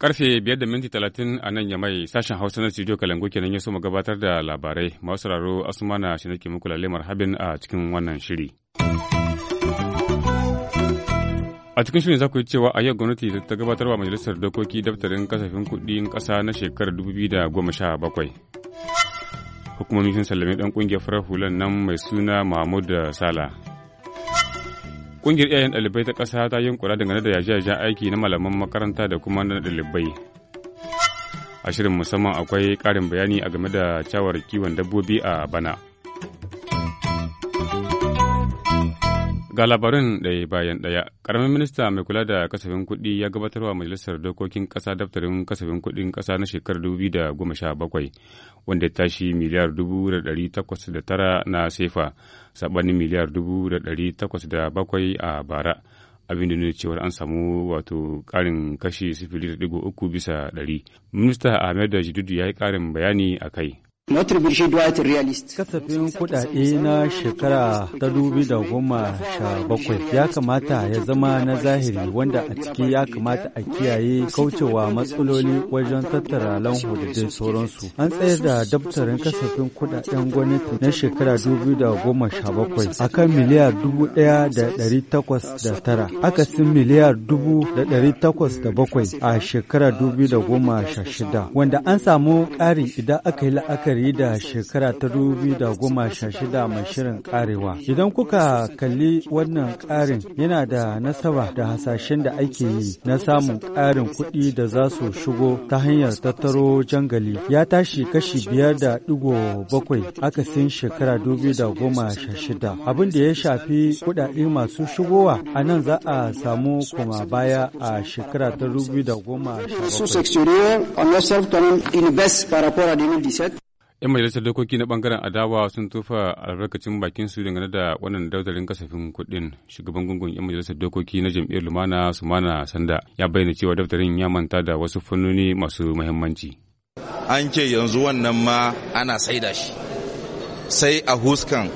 Karfe biyar da minti talatin a nan yamai sashen Hausa na studio Kalangu kenan ya so mu gabatar da labarai. Masu raro Asmana shi nake muku lalle marhabin a cikin wannan shiri. A cikin shirin za ku yi cewa a yau gwamnati ta gabatarwa majalisar dokoki daftarin kasafin kuɗin ƙasa na shekarar da 2017. Hukumomi sun sallame ɗan ƙungiyar farar hulan nan mai suna Mahmud Sala. Ƙungiyar iyayen ɗalibai ta ƙasa ta yi yunkura dangane da yaje-yajen aiki na malaman makaranta da kuma na ɗalibai. A shirin musamman akwai ƙarin bayani a game da cawar kiwon dabbobi a bana. Ga labarin ɗaya bayan ɗaya, ƙaramin minista mai kula da kasafin kuɗi ya gabatar wa Majalisar Dokokin Ƙasa daftarin kasafin kuɗin ƙasa na shekarar bakwai wanda ya tashi miliyar tara na sefa, saɓanin miliyar bakwai a bara. abin da nuna cewar an samu wato karin kashi sifili da uku bisa ɗari. Minista Ahmed Jidudu ya yi ƙarin bayani a kai. Kasafin kuɗaɗe na shekara ta dubi da goma sha bakwai ya kamata ya zama na zahiri wanda a ciki ya kamata a kiyaye kaucewa matsaloli wajen tattara lanhu da dai sauransu. An tsayar da daftarin kasafin kuɗaɗen gwamnati na shekara dubi da goma sha bakwai a kan miliyar dubu ɗaya da ɗari takwas da tara. Akasin miliyar dubu da ɗari takwas da bakwai a shekara dubi da goma sha shida wanda an samu ƙari idan aka yi la'akari la'akari da shekara ta da goma sha mai shirin karewa. Idan kuka kalli wannan ƙarin yana da nasaba da hasashen da ake yi na samun ƙarin kuɗi da za su shigo ta hanyar tattaro jangali ya tashi kashi biyar da digo bakwai akasin shekara dubi da goma sha shida. Abin da ya shafi kuɗaɗe masu shigowa a nan za a samu kuma baya a shekara ta dubi da goma 'Yan majalisar dokoki na bangaren adawa sun tufa albarkacin bakin su dangane da wannan daudarin kasafin kuɗin. Shugaban gungun 'yan majalisar dokoki na jam'iyyar Lumana Sumana Sanda ya bayyana cewa daftarin ya manta da wasu fannoni masu muhimmanci. An ce yanzu wannan ma ana saida shi. Sai a huskan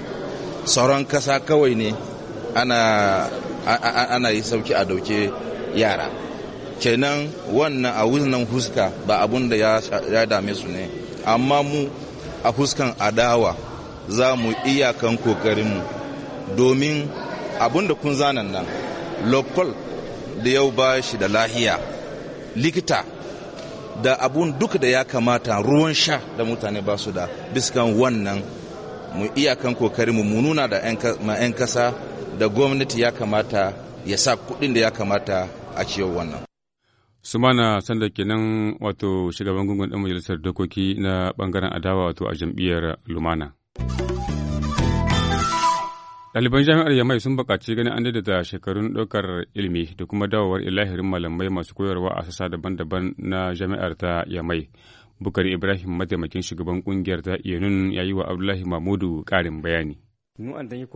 sauran kasa kawai ne ana, yi sauki a dauke yara. Kenan wannan a huska ba abun da ya dame su ne. Amma mu a fuskan adawa za mu iyakan kokarinmu domin abin da kun zanen nan lokal da yau ba shi da lahiya likita da abun duka da ya kamata ruwan sha da mutane ba su da biskan wannan mu iyakan kokarinmu mu nuna da 'yan kasa da gwamnati ya kamata ya sa kuɗin da ya kamata a ciyar wannan su sumana sanda kenan wato shugaban gungun ɗan majalisar dokoki na bangaren adawa wato a jam'iyyar lumana ɗaliban jami'ar yamai sun buƙaci ganin an daidaita shekarun ɗaukar ilimi da kuma dawowar ilahirin malamai masu koyarwa a sassa daban-daban na jami'ar ta yamai bukari ibrahim mataimakin shugaban ƙungiyar ta nun ya yi wa abdullahi mamudu ƙarin bayani Mu danyi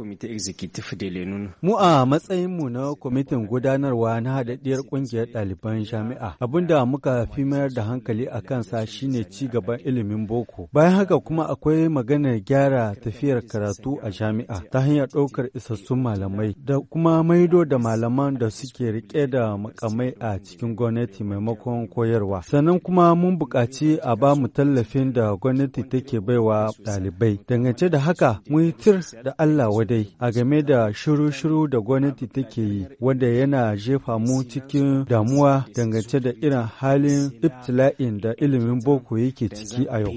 Mu a matsayinmu na kwamitin gudanarwa na haɗaɗɗiyar ƙungiyar ɗaliban jami'a. Abin da muka fi mayar da hankali a kansa shine ci gaban ilimin boko. Bayan haka kuma akwai maganar gyara tafiyar karatu a jami'a ta hanyar ɗaukar isassun malamai da kuma maido da malaman da suke riƙe da makamai a cikin gwamnati maimakon koyarwa. Sannan kuma mun buƙaci a ba mu tallafin da gwamnati take baiwa ɗalibai. Dangance da haka, muyi yi tir da Allah wadai a game da shiru-shiru da gwamnati take yi wanda yana jefa mu cikin damuwa dangance da irin halin iftila'in da ilimin boko yake ciki a yau.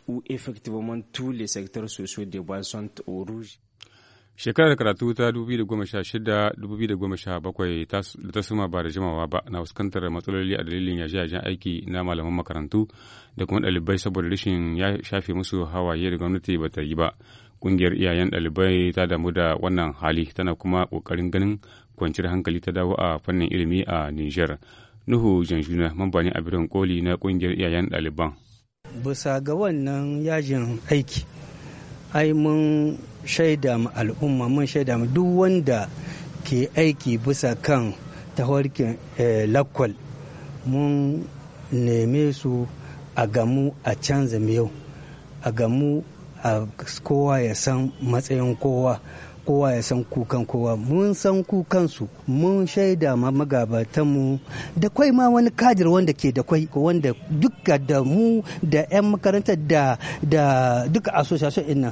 Shekarar karatu ta 2016-2017 da ta suma ba da jimawa ba na fuskantar matsaloli a dalilin a yajen aiki na malaman makarantu da kuma ɗalibai saboda rashin ya shafe musu hawaye da gwamnati ba ta yi ba. kungiyar iyayen ɗalibai ta damu da wannan hali tana kuma ƙoƙarin ganin kwanciyar hankali ta dawo a fannin ilimi a Nijar. Nuhu Janjuna mamba ne a birnin koli na kungiyar iyayen ɗaliban. Bisa ga wannan yajin aiki, ai mun shaida mu al'umma mun shaida mu duk wanda ke aiki bisa kan tawarkin eh, lakwal mun neme su a gamu a canza miyau a gamu a kowa ya san matsayin kowa kowa ya san kukan kowa mun san kukan su mun shaida ma mu da kwai ma wani kadir wanda ke da kwai wanda duka da mu da 'yan makaranta da duka association ina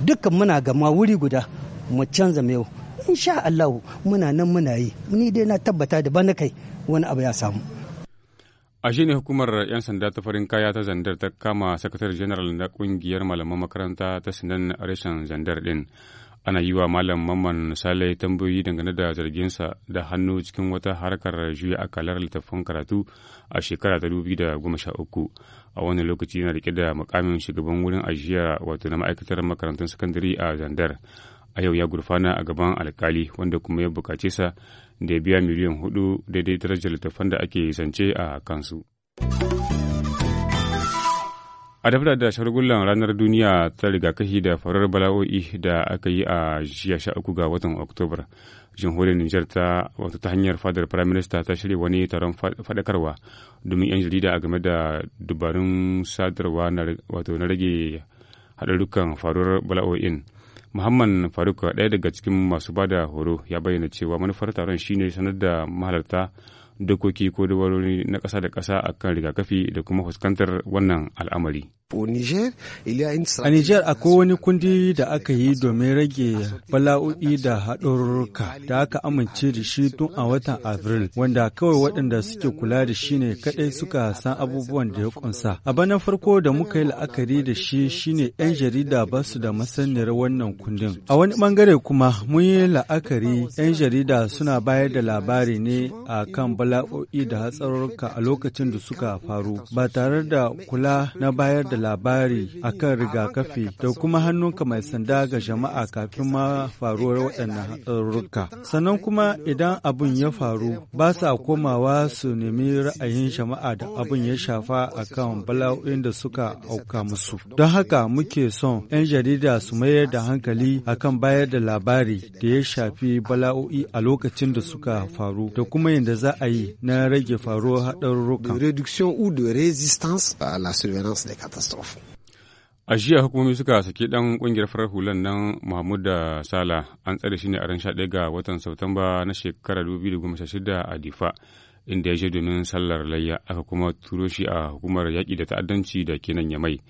duka muna gama wuri guda mu canza yau insha Allah muna nan muna yi ni dai na tabbata da bana kai wani abu ya samu A shi ne hukumar 'yan sanda ta farin kaya ta zandar ta kama sakatar general na kungiyar malaman makaranta ta sinan reshen zandar din. Ana yi wa malam Mamman Sale tambayoyi dangane da zarginsa da hannu cikin wata harkar juya akalar littattafan karatu a shekara ta uku A wani lokaci yana rike da mukamin shugaban wurin ajiya wato na ma'aikatar makarantun sakandare a zandar. A yau ya gurfana a gaban alkali wanda kuma ya bukace sa da ya biya miliyan hudu daidai darajar littattafan da ake zance a kansu. a dafa da shargullan ranar duniya ta rigakafi da farar bala'o'i da aka yi a jiya sha uku ga watan oktobar jamhuriyar nijar ta wato ta hanyar fadar prime minister ta shirya wani taron faɗakarwa domin yan jarida a game da dubarun sadarwa wato na rage haɗarukan faruwar bala'o'in Muhammad Faruk ɗaya daga cikin masu bada horo ya bayyana cewa manufar taron shine sanar da mahalarta dokoki ko dabarori na ƙasa da ƙasa akan rigakafi da kuma fuskantar wannan al'amari. A Nijar akwai wani kundi da aka yi domin rage bala'o'i da haɗururruka da aka amince da shi tun a watan Afril wanda kawai waɗanda suke kula da shi ne kaɗai suka san abubuwan da ya ƙunsa. a banan farko da muka yi la'akari da shi shine 'yan jarida ba su da masaniyar wannan kundin. A wani ɓangare kuma mun yi la'akari 'yan jarida suna bayar da labari ne a kan bala'o'i da hatsarurruka a lokacin da suka faru ba tare da kula na bayar da labari akan rigakafi da kuma hannunka mai sanda ga jama'a kafin ma faruwar waɗannan hatsarurruka sannan kuma idan abin ya faru ba sa komawa su nemi ra'ayin jama'a da abin ya shafa akan bala'o'in da suka auka musu don haka muke son 'yan jarida su mayar da hankali akan bayar da labari da ya shafi bala'o'i a lokacin da suka faru da kuma yadda za a yi tsari na rage faruwar haɗarurruka. A jiya hukumomi suka saki ɗan ƙungiyar farar hulan nan Mahmud da Sala an tsare shi ne a ran 11 ga watan Satumba na shekarar 2016 a Difa inda ya je domin sallar layya aka kuma turo shi a hukumar yaƙi da ta'addanci da kenan Yamai.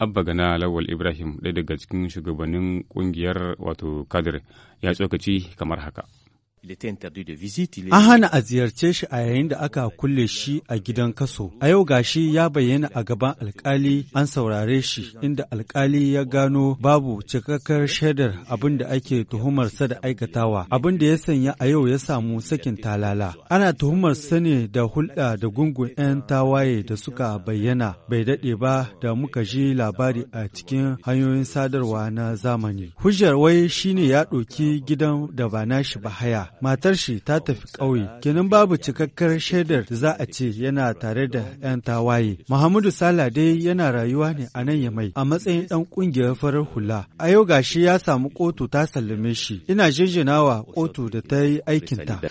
Abba Gana Lawal Ibrahim ɗaya daga cikin shugabannin ƙungiyar wato Kadir ya tsokaci kamar haka. An hana a ziyarce shi a yayin da aka kulle shi a gidan kaso. A yau gashi ya bayyana a gaban alkali an saurare shi inda alkali ya gano babu cikakkar shaidar abin da ake tuhumarsa da aikatawa. Abin da ya sanya a yau ya samu sakin talala. Ana tuhumar ne da hulɗa da gungun 'yan tawaye da suka bayyana bai daɗe ba da muka ji labari a cikin hanyoyin sadarwa na zamani. Hujjar wai shine ya ɗauki gidan da ba nashi ba haya. matar shi ta tafi ƙauye kenan babu cikakkar shaidar za a ce yana tare da 'yan tawaye muhammadu sala dai yana rayuwa ne a nan yamai a matsayin ɗan ƙungiyar farar hula a yau gashi ya samu kotu ta sallame shi ina jinjinawa kotu da ta yi aikinta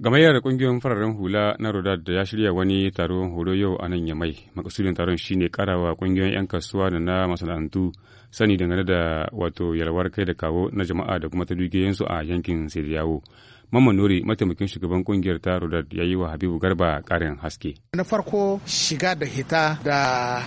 gamayyar kungiyoyin fararen hula na rodad ya shirya wani taron horo yau a nan yamai makasudin taron shine karawa kungiyoyin 'yan kasuwa da na masana'antu sani dangane da wato yalwar kai da kawo na jama'a da kuma ta dukiyoyinsu a yankin yawo. mamanori mataimakin shugaban kungiyar ta Rodad ya yi wa Habibu Garba karin haske. Na farko shiga da hita da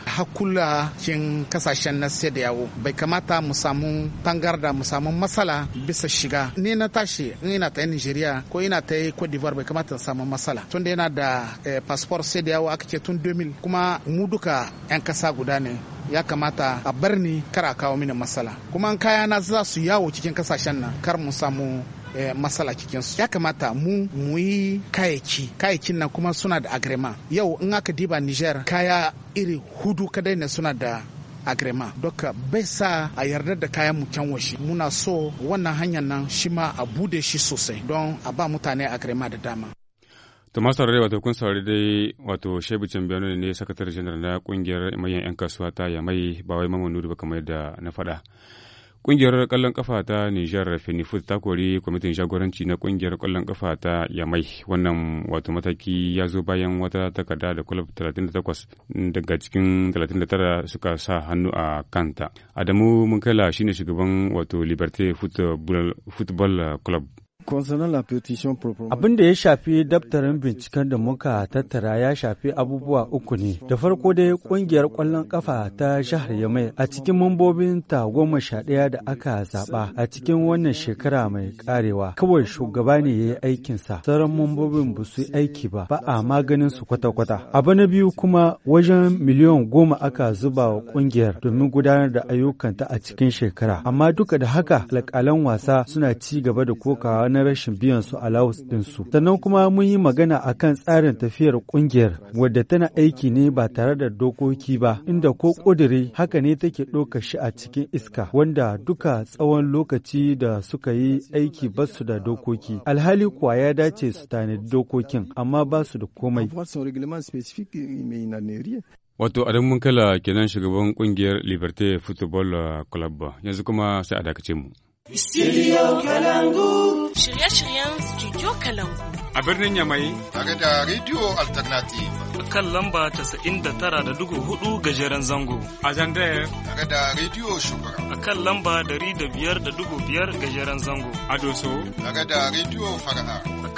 hakula cikin kasashen na sai da yawo bai kamata mu samu tangarda mu samu matsala bisa shiga. Ni na tashi in ina ta Nigeria ko ina ta Cote d'Ivoire bai kamata samu masala. Tunda yana da eh, passport sai da yawo aka ce tun 2000 kuma mu duka 'yan kasa guda ne ya kamata a bar ni kar a kawo mini matsala kuma kayana za su yawo cikin kasashen nan kar mu samu Eh, matsala cikin su ya kamata mu mu yi kayaki kayakin nan kuma suna da agrema yau in aka diba niger kaya iri hudu kadai ne suna da agrema doka bai sa a yarda da kayan mu can washi muna so wannan hanyar nan shi ma a bude shi sosai don a ba mutane agrema da dama to masu dai wato kun saurari dai wato shebu cambiano ne sakatare janar na kungiyar manyan 'yan kasuwa ta yamai ba wai mamman ba kamar da na faɗa Ƙungiyar ƙwallon ƙafa ta Nijar Fenifut ta kori kwamitin jagoranci na ƙungiyar ƙwallon ƙafa ta Yamai. Wannan wato mataki ya zo bayan wata takarda da kulub 38 daga cikin 39 suka sa hannu a kanta. Adamu Munkala shine shugaban wato Liberté Football Club. Abin da ya shafi daftarin binciken da muka tattara ya shafi abubuwa uku ne. Da farko dai kungiyar kwallon ƙafa ta jihar Yamai a cikin mambobin ta goma sha ɗaya da aka zaɓa a cikin wannan shekara mai ƙarewa. Kawai shugaba ne ya yi aikinsa, sauran mambobin ba su aiki ba, ba a maganin su kwata-kwata. Abu na biyu kuma wajen miliyan goma aka zuba wa ƙungiyar domin gudanar da ayyukanta a cikin shekara. Amma duka da haka alƙalan wasa suna ci gaba da kokawa na rashin biyan su din su Sannan kuma mun yi magana akan tsarin tafiyar kungiyar wadda tana aiki ne ba tare da dokoki ba inda ko ƙudiri haka ne take ɗauka shi a cikin iska wanda duka tsawon lokaci da suka yi aiki ba su da dokoki. Alhali kuwa ya dace su tanadi dokokin amma ba su da komai. Wato Adam kala kenan shugaban kungiyar Liberté Football Club yanzu kuma sai a dakace mu. Studio Kalangu. Shirye-shiryen Studio Kalangu. A birnin Yamai. Tare da Radio Alternative. A kan lamba da da tara 99.4 gajeren zango. A Zandaya. Tare da Radio Shugaba. A kan lamba dari da da biyar 105.5 gajeren zango. A Doso. Tare da Radio Fara'a.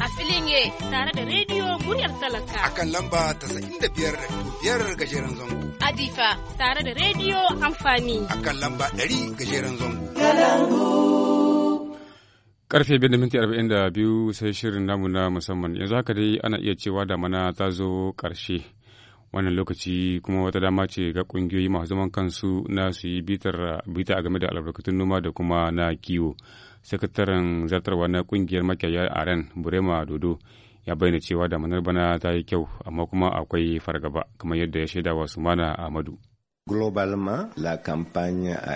a filin ye tare da rediyo muryar talaka. A kan lamba ta da biyar biyar gajeren zango. Adifa tare da rediyo amfani. A kan lamba ɗari gajeren zango. Karfe biyar da minti arba'in da biyu sai shirin namu na musamman yanzu haka dai ana iya cewa damana ta zo ƙarshe. wannan lokaci kuma wata dama ce ga kungiyoyi masu zaman kansu na su yi bitar bita a game da albarkatun noma da kuma na kiwo. sakataren zartarwa na kungiyar makiyaya aren burema dodo ya bayyana cewa damanar bana ta yi kyau amma kuma akwai fargaba kamar yadda ya shaida wa sumana ahmadu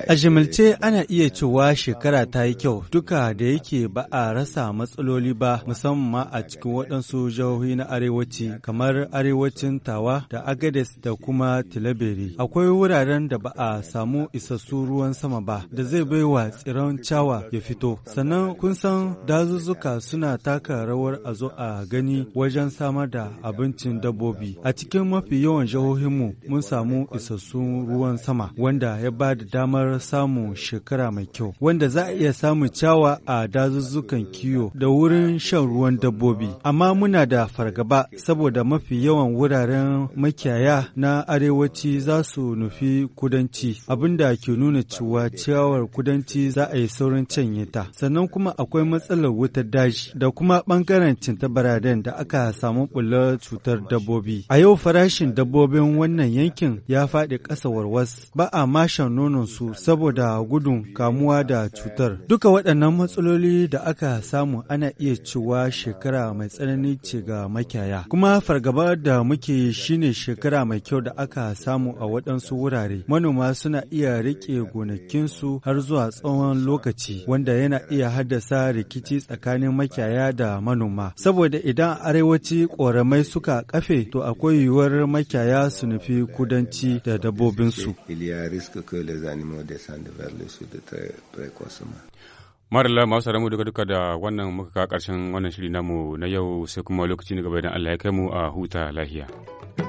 A jimilce ana iya cewa shekara ta yi kyau duka da yake ba a rasa matsaloli ba musamman a cikin waɗansu jihohi na arewaci kamar arewacin Tawa da Agades da kuma Tilaberi. Akwai wuraren da ba a samu isassu ruwan sama ba da zai baiwa tsiron cawa ya fito. Sannan kun san dazuzzuka suna taka rawar a zo a gani wajen samar da abincin dabbobi. A cikin mafi yawan jihohinmu mun samu isassun ruwan sama wanda ya ba da damar samun shekara mai kyau wanda za a iya samun ciyawa a dazuzzukan kiyo da wurin shan ruwan dabbobi amma muna da fargaba saboda mafi yawan wuraren makiyaya na arewaci za su nufi kudanci abinda ke nuna cewa ciyawar kudanci za a yi saurin canye ta sannan kuma akwai matsalar wutar daji da kuma bangaren cinta baraden da aka samu bullar cutar dabbobi a yau farashin dabbobin wannan yankin ya faɗi ƙasa warwas ba a mashan su saboda gudun kamuwa da cutar. Duka waɗannan matsaloli da aka samu ana iya cewa shekara mai tsanani ce ga makiyaya. Kuma fargaba da muke shine shekara mai kyau da aka samu a waɗansu wurare. Manoma suna iya riƙe gonakinsu har zuwa tsawon lokaci wanda yana iya haddasa rikici tsakanin makiyaya da manoma. Saboda idan arewaci ƙoramai suka kafe to akwai yiwuwar makiyaya su nufi kudanci da dabbobi. dabbobinsu. Marala masu mu duka duka da wannan muka ka karshen wannan shiri namu na yau sai kuma lokaci na gaba idan Allah ya kai mu a huta lahiya.